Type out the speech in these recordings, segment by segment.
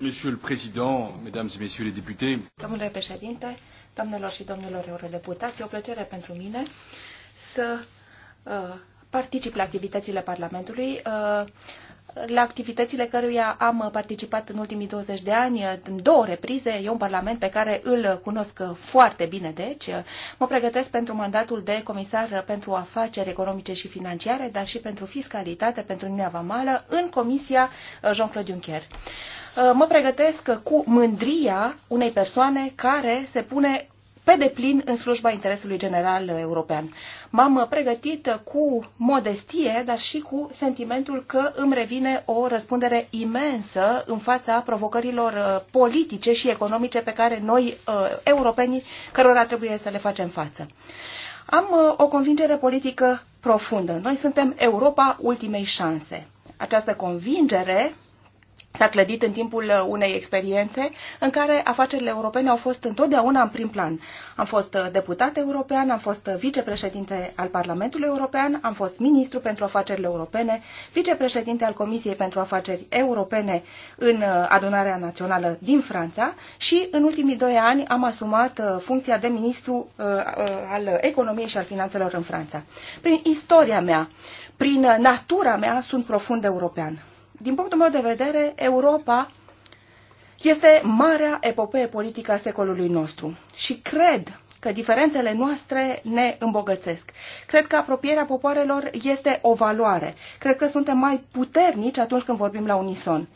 Monsieur le Président, Mesdames et Messieurs les députés. Domnule președinte, doamnelor și domnilor eurodeputați, e o plăcere pentru mine să uh, particip la activitățile Parlamentului. Uh, la activitățile căruia am participat în ultimii 20 de ani, în două reprize. E un parlament pe care îl cunosc foarte bine, deci mă pregătesc pentru mandatul de comisar pentru afaceri economice și financiare, dar și pentru fiscalitate, pentru Uniunea Vamală, în comisia Jean-Claude Juncker. Uh, mă pregătesc cu mândria unei persoane care se pune pe deplin în slujba interesului general european. M-am pregătit cu modestie, dar și cu sentimentul că îmi revine o răspundere imensă în fața provocărilor uh, politice și economice pe care noi, uh, europenii, cărora trebuie să le facem față. Am o convingere politică profundă. Noi suntem Europa ultimei șanse. Această convingere s-a clădit în timpul uh, unei experiențe în care afacerile europene au fost întotdeauna în prim plan. Am fost uh, deputat european, am fost uh, vicepreședinte al Parlamentului European, am fost ministru pentru afacerile europene, vicepreședinte al Comisiei pentru Afaceri Europene în adunarea națională din Franța și în ultimii doi ani am asumat funcția de ministru al economiei și al finanțelor în Franța. Prin istoria mea, prin natura mea, sunt profund european. Din punctul meu de vedere, Europa este marea epopee politică a secolului nostru și cred că diferențele noastre ne îmbogățesc. Cred că apropierea popoarelor este o valoare. Cred că suntem mai puternici atunci când vorbim la unison.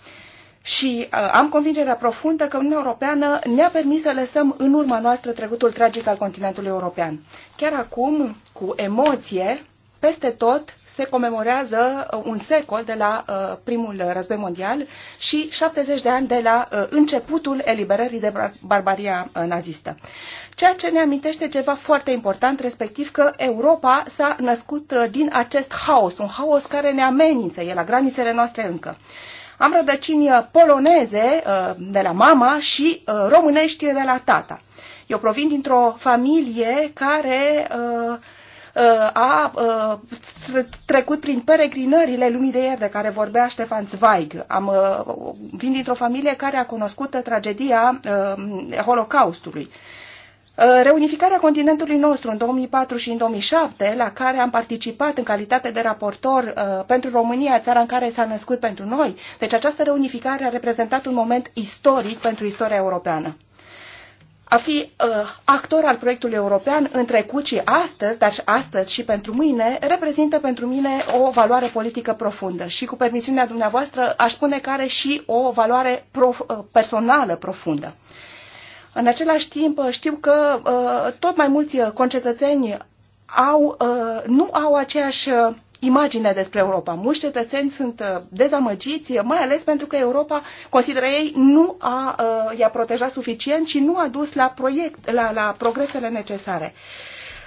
Și uh, am convingerea profundă că Uniunea Europeană ne-a permis să lăsăm în urma noastră trecutul tragic al continentului european. Chiar acum, cu emoție, peste tot se comemorează un secol de la uh, primul război mondial și 70 de ani de la uh, începutul eliberării de barbaria uh, nazistă. Ceea ce ne amintește ceva foarte important, respectiv că Europa s-a născut din acest haos, un haos care ne amenință, e la granițele noastre încă. Am rădăcini poloneze de la mama și românești de la tata. Eu provin dintr-o familie care uh, Uh, a uh, trecut prin peregrinările lumii de ieri de care vorbea Ștefan Zweig. Am, uh, vin dintr-o familie care a cunoscut tragedia Holocaustului. Reunificarea continentului nostru în 2004 și în 2007, la care am participat în calitate de raportor uh, pentru România, țara în care s-a născut pentru noi, deci această reunificare a reprezentat un moment istoric pentru istoria europeană a fi uh, actor al proiectului european în trecut și astăzi, dar și astăzi și pentru mâine, reprezintă pentru mine o valoare politică profundă și, cu permisiunea dumneavoastră, aș spune că are și o valoare prof- uh, personală profundă. În același timp, uh, știu că uh, tot mai mulți uh, concetățeni au, uh, nu au aceeași Imaginea despre Europa. Mulți cetățeni sunt uh, dezamăgiți, mai ales pentru că Europa, consideră ei, nu a, uh, i-a protejat suficient și nu a dus la, proiect, la, la progresele necesare.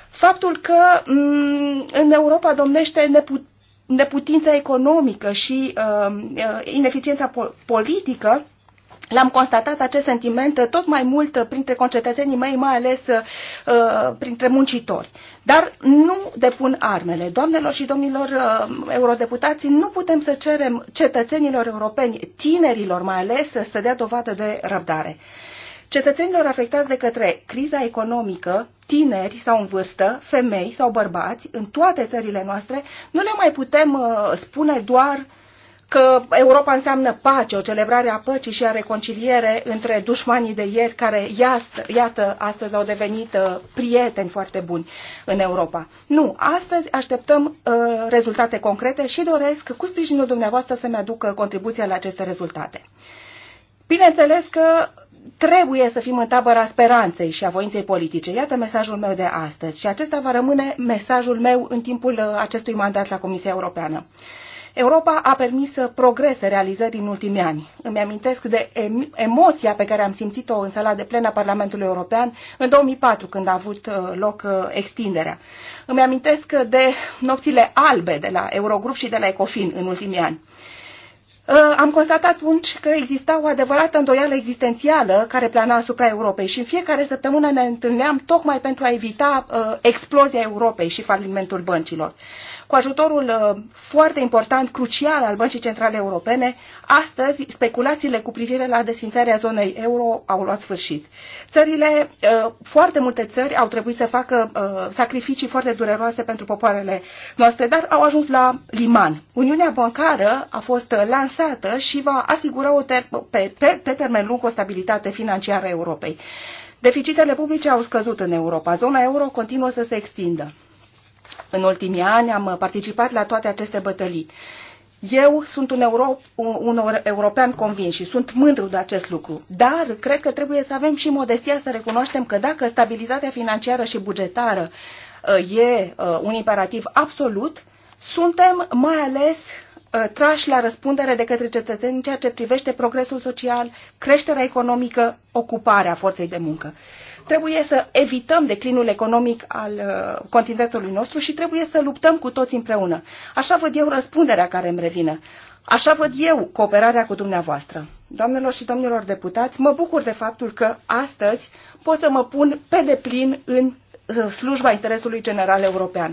Faptul că mm, în Europa domnește neput, neputința economică și uh, uh ineficiența po- politică L-am constatat acest sentiment tot mai mult printre concetățenii mei, mai ales uh, printre muncitori. Dar nu depun armele. Doamnelor și domnilor uh, eurodeputați, nu putem să cerem cetățenilor europeni, tinerilor mai ales, să dea dovadă de răbdare. Cetățenilor afectați de către criza economică, tineri sau în vârstă, femei sau bărbați, în toate țările noastre, nu le mai putem uh, spune doar uh, că Europa înseamnă pace, o celebrare a păcii și a reconciliere între dușmanii de ieri, care, iată, astăzi au devenit uh, prieteni foarte buni în Europa. Nu, astăzi așteptăm uh, rezultate concrete și doresc, cu sprijinul dumneavoastră, să-mi aducă uh, contribuția la aceste rezultate. Bineînțeles că trebuie să fim în tabăra speranței și a voinței politice. Iată mesajul meu de astăzi și acesta va rămâne mesajul meu în timpul uh, acestui mandat la Comisia Europeană. Europa a permis progrese realizări în ultimii ani. Îmi amintesc de emoția pe care am simțit-o în sala de plen a Parlamentului European în 2004, când a avut uh, loc uh, extinderea. Îmi amintesc de nopțile albe de la Eurogrup și de la Ecofin în ultimii ani. Uh, am constatat atunci că exista o adevărată îndoială existențială care plana asupra Europei și în fiecare săptămână ne întâlneam tocmai pentru a evita uh, explozia Europei și falimentul băncilor cu ajutorul uh, foarte important, crucial al Băncii Centrale Europene, astăzi speculațiile cu privire la desfințarea zonei euro au luat sfârșit. Țările, uh, foarte multe țări au trebuit să facă uh, sacrificii foarte dureroase pentru popoarele noastre, dar au ajuns la liman. Uniunea bancară a fost lansată și va asigura o ter- pe, pe, pe termen lung o stabilitate financiară a Europei. Deficitele publice au scăzut în Europa. Zona euro continuă să se extindă. În ultimii ani am participat la toate aceste bătălii. Eu sunt un, euro, un, un european convins și sunt mândru de acest lucru, dar cred că trebuie să avem și modestia să recunoaștem că dacă stabilitatea financiară și bugetară uh, e uh, un imperativ absolut, suntem mai ales uh, trași la răspundere de către cetățeni în ceea ce privește progresul social, creșterea economică, ocuparea forței de muncă. Trebuie să evităm declinul economic al uh, continentului nostru și trebuie să luptăm cu toți împreună. Așa văd eu răspunderea care îmi revine. Așa văd eu cooperarea cu dumneavoastră. Doamnelor și domnilor deputați, mă bucur de faptul că astăzi pot să mă pun pe deplin în uh, slujba interesului general european.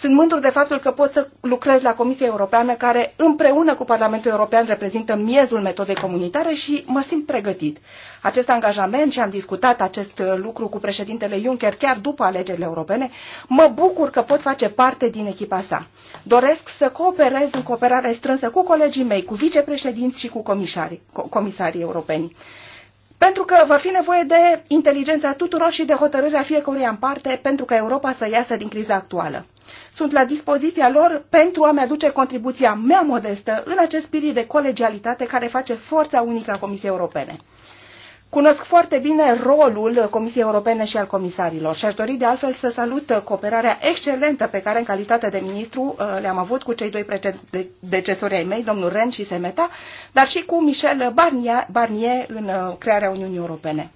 Sunt mândru de faptul că pot să lucrez la Comisia Europeană, care împreună cu Parlamentul European reprezintă miezul metodei comunitare și mă simt pregătit. Acest angajament și am discutat acest lucru cu președintele Juncker chiar după alegerile europene, mă bucur că pot face parte din echipa sa. Doresc să cooperez în cooperare strânsă cu colegii mei, cu vicepreședinți și cu comisarii, comisarii europeni. Pentru că va fi nevoie de inteligența tuturor și de hotărârea fiecăruia în parte pentru ca Europa să iasă din criza actuală. Sunt la dispoziția lor pentru a-mi aduce contribuția mea modestă în acest spirit de colegialitate care face forța unică a Comisiei Europene. Cunosc foarte bine rolul Comisiei Europene și al comisarilor și aș dori de altfel să salut cooperarea excelentă pe care în calitate de ministru uh, le-am avut cu cei doi decesori ai mei, domnul Ren și Semeta, dar și cu Michel Barnier, Barnier în uh, crearea Uniunii Europene.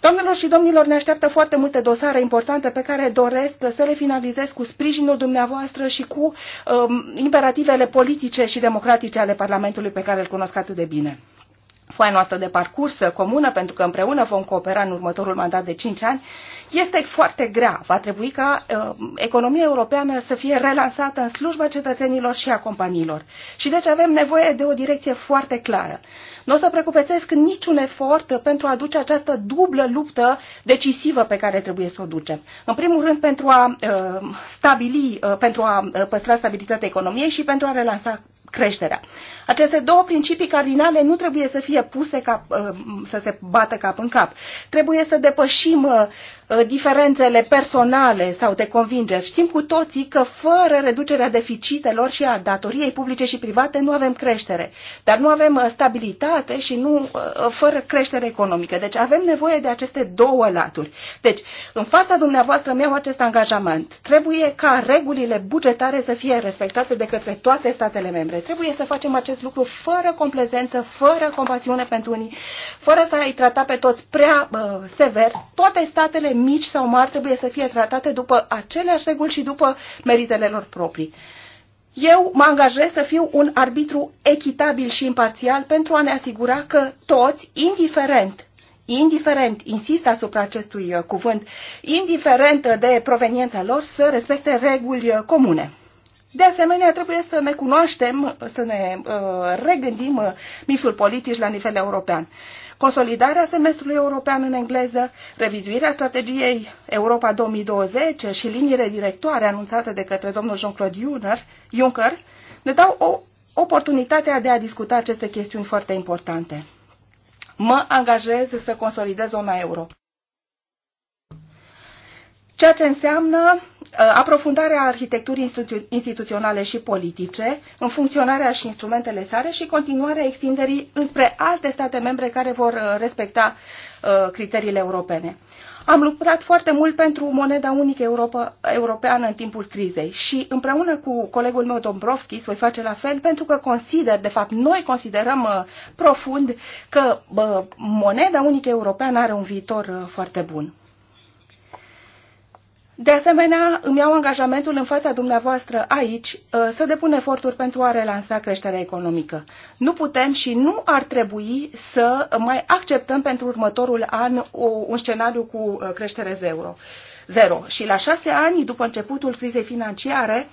Doamnelor și domnilor, ne așteaptă foarte multe dosare importante pe care doresc să le finalizez cu sprijinul dumneavoastră și cu um, imperativele politice și democratice ale Parlamentului pe care îl cunosc atât de bine foaia noastră de parcurs comună, pentru că împreună vom coopera în următorul mandat de 5 ani, este foarte grea. Va trebui ca uh, economia europeană să fie relansată în slujba cetățenilor și a companiilor. Și deci avem nevoie de o direcție foarte clară. Nu o să precupețesc niciun efort pentru a duce această dublă luptă decisivă pe care trebuie să o ducem. În primul rând pentru a uh, stabili, uh, pentru a uh, păstra stabilitatea economiei și pentru a relansa creșterea. Aceste două principii cardinale nu trebuie să fie puse ca, uh, să se bată cap în cap. Trebuie să depășim uh, uh, diferențele personale sau de convingeri. Știm cu toții că fără reducerea deficitelor și a datoriei publice și private nu avem creștere, dar nu avem stabilitate și nu fără creștere economică. Deci avem nevoie de aceste două laturi. Deci, în fața dumneavoastră mi-au acest angajament. Trebuie ca regulile bugetare să fie respectate de către toate statele membre. Trebuie să facem acest lucru fără complezență, fără compasiune pentru unii, fără să ai trata pe toți prea uh, sever. Toate statele mici sau mari trebuie să fie tratate după aceleași reguli și după meritele lor proprii. Eu mă angajez să fiu un arbitru echitabil și imparțial pentru a ne asigura că toți, indiferent indiferent, insist asupra acestui uh, cuvânt, indiferent de proveniența lor, să respecte reguli uh, comune. De asemenea, trebuie să ne cunoaștem, să ne uh, regândim uh, mixul politic la nivel european. Consolidarea semestrului european în engleză, revizuirea strategiei Europa 2020 și liniile directoare anunțate de către domnul Jean-Claude Juncker ne dau o oportunitatea de a discuta aceste chestiuni foarte importante. Mă angajez să consolidez zona euro ceea ce înseamnă uh, aprofundarea arhitecturii instituționale și politice în funcționarea și instrumentele sale și continuarea extinderii înspre alte state membre care vor uh, respecta uh, criteriile europene. Am luptat foarte mult pentru moneda unică Europa, europeană în timpul crizei și împreună cu colegul meu Dombrovski voi face la fel pentru că consider, de fapt noi considerăm profund că moneda unică europeană are un viitor foarte bun. De asemenea, îmi iau angajamentul în fața dumneavoastră aici uh, să depun eforturi pentru a relansa creșterea economică. Nu putem și nu ar trebui să mai acceptăm pentru următorul an un scenariu cu uh, creștere zero. zero. Și la șase ani după începutul crizei financiare,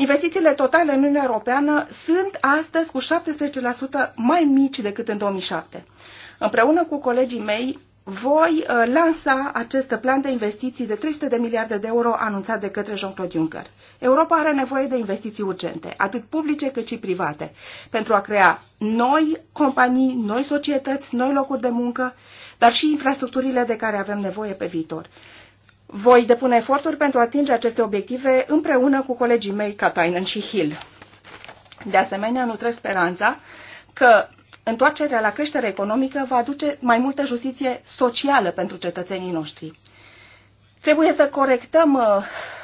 Investițiile totale în Uniunea Europeană sunt astăzi cu 17% mai mici decât în 2007. Împreună cu colegii mei, voi uh, lansa acest plan de investiții de 300 de miliarde de euro anunțat de către Jean-Claude Juncker. Europa are nevoie de investiții urgente, atât publice cât și private, pentru a crea noi companii, noi societăți, noi locuri de muncă, dar și infrastructurile de care avem nevoie pe viitor. Voi depune eforturi pentru a atinge aceste obiective împreună cu colegii mei Katainen și Hill. De asemenea, nu trebuie speranța că întoarcerea la creștere economică va aduce mai multă justiție socială pentru cetățenii noștri. Trebuie să corectăm uh,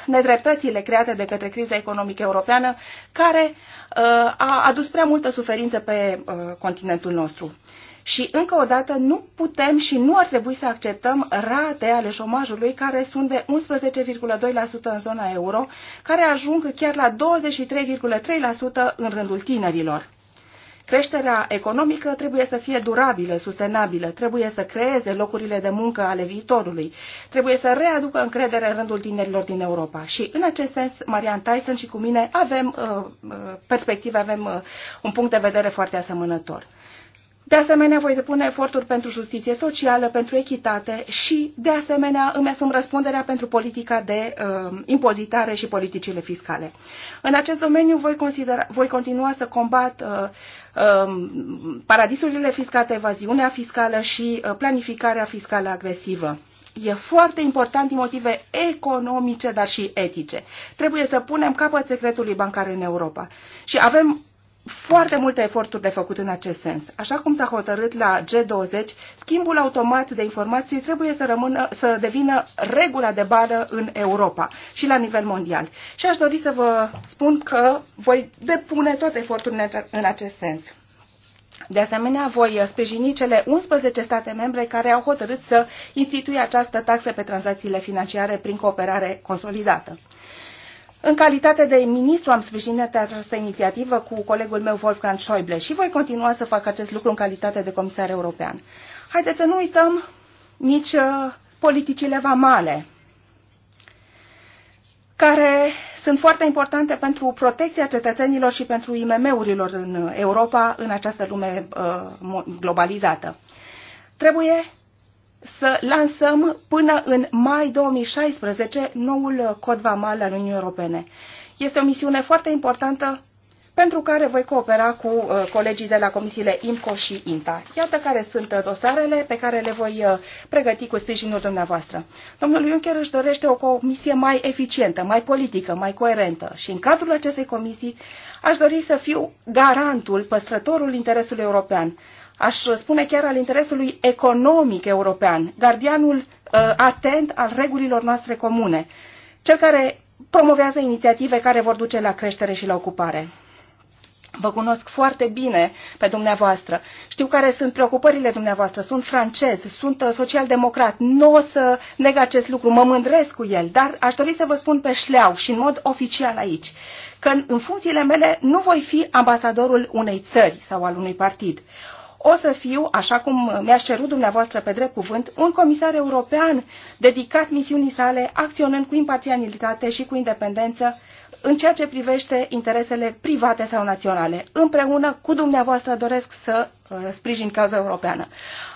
nedreptățile create de către criza economică europeană, care uh, a adus prea multă suferință pe uh, continentul nostru. Și încă o dată nu putem și nu ar trebui să acceptăm rate ale șomajului care sunt de 11,2% în zona euro, care ajung chiar la 23,3% în rândul tinerilor. Creșterea economică trebuie să fie durabilă, sustenabilă, trebuie să creeze locurile de muncă ale viitorului, trebuie să readucă încredere în rândul tinerilor din Europa. Și în acest sens, Marian Tyson și cu mine avem uh, uh perspective, avem uh, un punct de vedere foarte asemănător. De asemenea, voi depune eforturi pentru justiție socială, pentru echitate și, de asemenea, îmi asum răspunderea pentru politica de uh, impozitare și politicile fiscale. În acest domeniu voi, considera, voi continua să combat uh, uh, paradisurile fiscale, evaziunea fiscală și uh, planificarea fiscală agresivă. E foarte important din motive economice, dar și etice. Trebuie să punem capăt secretului bancar în Europa. Și avem foarte multe eforturi de făcut în acest sens. Așa cum s-a hotărât la G20, schimbul automat de informații trebuie să, rămână, să devină regula de bară în Europa și la nivel mondial. Și aș dori să vă spun că voi depune toate eforturile în acest sens. De asemenea, voi sprijini cele 11 state membre care au hotărât să instituie această taxă pe tranzacțiile financiare prin cooperare consolidată. În calitate de ministru am sprijinit această inițiativă cu colegul meu Wolfgang Schäuble și voi continua să fac acest lucru în calitate de comisar european. Haideți să nu uităm nici uh, politicile vamale, care sunt foarte importante pentru protecția cetățenilor și pentru IMM-urilor în Europa, în această lume uh, globalizată. Trebuie să lansăm până în mai 2016 noul cod vamal al Uniunii Europene. Este o misiune foarte importantă pentru care voi coopera cu uh, colegii de la comisiile IMCO și INTA. Iată care sunt uh, dosarele pe care le voi uh, pregăti cu sprijinul dumneavoastră. Domnul Juncker își dorește o comisie mai eficientă, mai politică, mai coerentă și în cadrul acestei comisii aș dori să fiu garantul, păstrătorul interesului european, aș spune chiar al interesului economic european, gardianul uh, atent al regulilor noastre comune, cel care promovează inițiative care vor duce la creștere și la ocupare. Vă cunosc foarte bine pe dumneavoastră. Știu care sunt preocupările dumneavoastră. Sunt francez, sunt uh, social-democrat. Nu o să neg acest lucru, mă mândresc cu el, dar aș dori să vă spun pe șleau și în mod oficial aici că în funcțiile mele nu voi fi ambasadorul unei țări sau al unui partid o să fiu, așa cum mi a cerut dumneavoastră pe drept cuvânt, un comisar european dedicat misiunii sale, acționând cu imparțialitate și cu independență în ceea ce privește interesele private sau naționale. Împreună cu dumneavoastră doresc să uh, sprijin cauza europeană.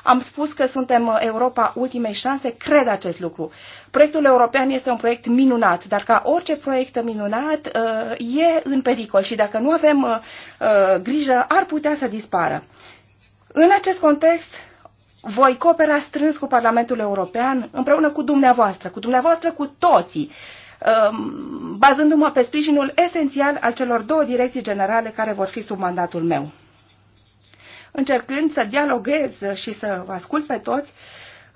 Am spus că suntem Europa ultimei șanse, cred acest lucru. Proiectul european este un proiect minunat, dar ca orice proiect minunat uh, e în pericol și dacă nu avem uh, grijă ar putea să dispară. În acest context, voi coopera strâns cu Parlamentul European, împreună cu dumneavoastră, cu dumneavoastră cu toții, um, bazându-mă pe sprijinul esențial al celor două direcții generale care vor fi sub mandatul meu. Încercând să dialoghez și să ascult pe toți,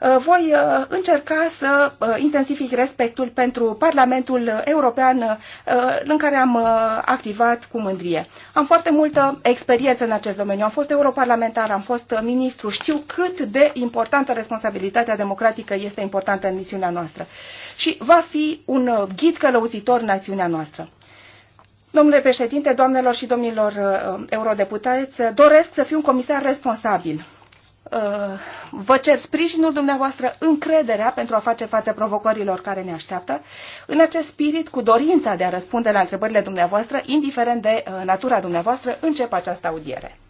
Uh, voi uh, încerca să uh, intensific respectul pentru Parlamentul European în care am activat cu mândrie. Am foarte multă experiență în acest domeniu. Am fost europarlamentar, am fost ministru, știu cât de importantă responsabilitatea democratică este importantă în misiunea noastră și va fi un ghid călăuzitor în acțiunea noastră. Domnule președinte, doamnelor și domnilor eurodeputați, doresc să fiu un comisar responsabil Uh, vă cer sprijinul dumneavoastră, încrederea pentru a face față provocărilor care ne așteaptă, în acest spirit, cu dorința de a răspunde la întrebările dumneavoastră, indiferent de uh, natura dumneavoastră, încep această audiere.